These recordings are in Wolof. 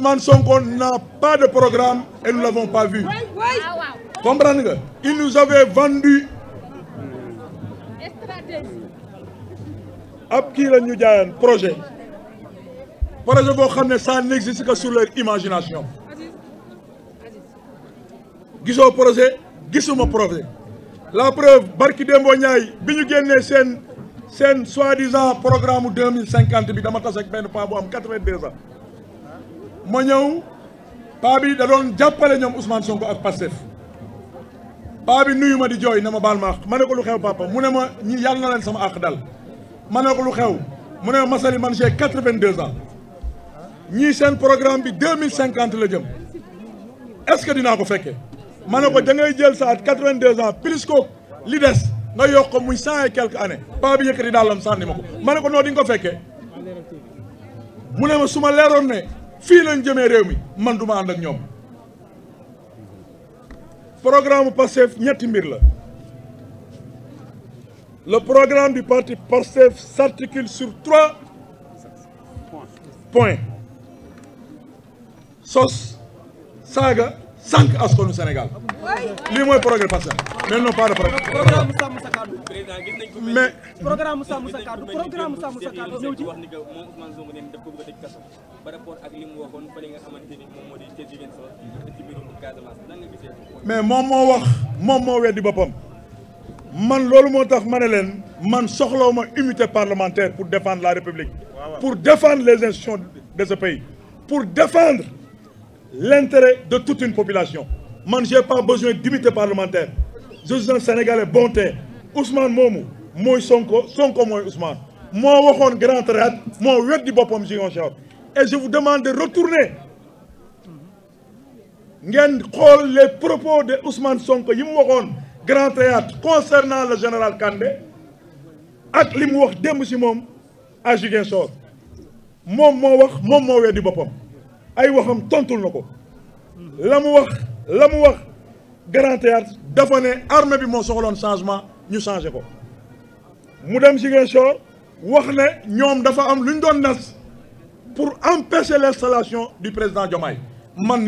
Ousmane Sonko n'a pas de programme et nous ne l'avons pas vu. Ah, Comprenez, vous il nous avait vendu ab le projet. ñu projet projet boo ça n'existe que sur leur imagination Gisso projet se projet la preuve barki Dembo Ndiaye Sen, Sen, soi-disant programme 2050. 2050. bi dama ans ma ñew pa bi da doon jappalé ñom Ousmane Sonko ak Passef pa bi nuyu ma di joy na ma baal ko lu xew papa mu ne ma ñi yàlla na leen sama ak dal ma ko lu xew mu ne ma Massaly man j'ai 82 ans ñi seen programme bi 2050 la jëm est-ce que dina ko fekkee ma ko da ngay jël sa at ans plus ko li dess nga yok ko muy 100 et quelques années pa bi yëkëti dalam sanni mako ko ko di nga ko mu ne ma ne fii lañ jëmee réew mi man du ma ànd ak ñoom programme Pastef ñetti mbir la le programme du parti Pastef s'articule sur trois points sos saaga sànq askanu Sénégal lii mooy programme Pastef mais non pas de problème. mais. programme programme mais unité parlementaire pour défendre la République. pour défendre les institutions de ce pays. pour défendre l'intérêt de toute une population. Man, n'ai pas besoin d'unité parlementaire président sénégalais bon te Ousmane moomu mooy Sonko Sonko mooy Ousmane moo waxoon grand traite moo weddi boppam Ziguinchor et je vous demande de retourner ngeen xool les propos de Ousmane Sonko yi mu waxoon grand théâtre concernant le général Kandé ak li mu wax démb ci moom à Ziguinchor moom moo wax moom moo weddi boppam ay waxam tontul na ko la mu wax la mu wax grand théâtre armé, puis armée bi le changement nous changerons. ko mu dem Ziguinchor wax pour empêcher l'installation du président Diomaye man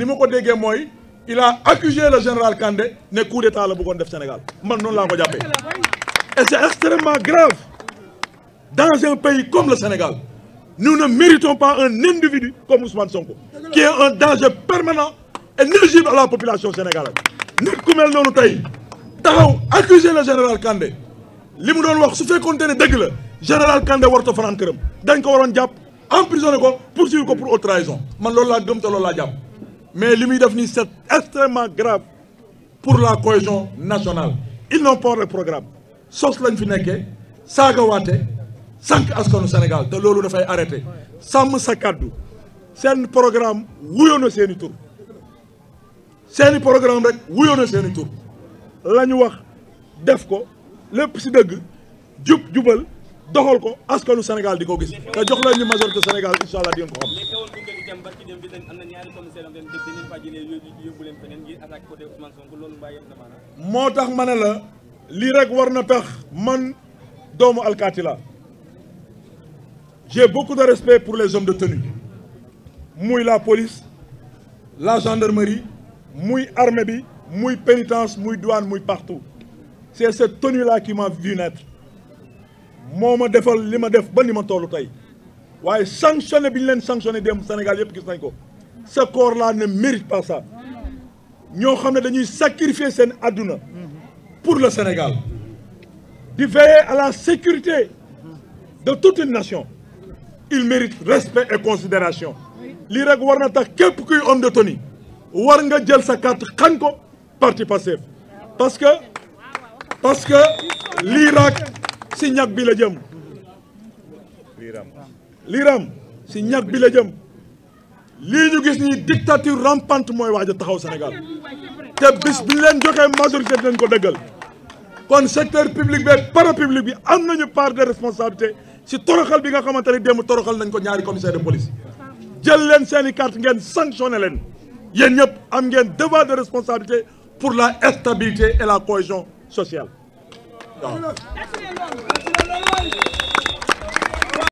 il a accusé le général Kandé de coup d'état la def Sénégal man non la ko et c'est extrêmement grave dans un pays comme le Sénégal nous ne méritons pas un individu comme Ousmane Sonko qui est un danger permanent et nuisible à la population sénégalaise nit ku mel noonu tey taxaw accuser le général Kandé li mu doon wax su fekkoonte ne dëgg la général Kandé warta fanaan këram dañ ko waroon jàpp emprisonné ko poursuivre ko pour haute trahison man loolu laa gëm te loolu laa jàpp mais li muy def nii c'est extrêmement grave pour la cohésion nationale ils n'ont pas le programme sos lañ fi nekkee saagawaate sànq askanu Sénégal te loolu dafay arrêter. Sam sa kàddu seen programme wuyoo na seeni tur seeni programme rek wuyone na tour lañu wax def ko lepp ci deug jub jubal doxal ko askanu senegal diko ko gis te jox leen ñu majorité senegal inshallah, allah di ngeen ko xam. motax manela li rek warna tax man doomu alkatila j'ai beaucoup de respect pour les hommes de tenue mouy la police la gendarmerie. Mouille armée bi pénitence mouille douane mouille partout c'est cette tenue là qui m'a vu naître Moi, je defal li ma def ba ni ma tollu tey sanctionner sanctionné sanctionner sanctionner leen sanctionné dem Sénégal ce corps là ne mérite pas ça savons que nous dañuy sacrifier cette aduna pour le Sénégal de veiller à la sécurité de toute une nation il mérite respect et considération lii rek war homme de tenue war nga jël sa carte xagn ko parti passé parce que parce que l'Irak si ñak bi la jëm l'Iram liram si ñak bi la jëm li ñu gis ni dictature rampante moy waja taxaw Sénégal té bis bi ñu leen joxé majorité dañ ko dëggal kon secteur public bi public bi am nañu part de responsabilité ci toroxal bi nga xamanteni dem toroxal nañ ko ñaari commissaire de police jël leen seeni carte ngeen sanctionné leen Il y a un devoir de responsabilité pour la stabilité et la cohésion sociale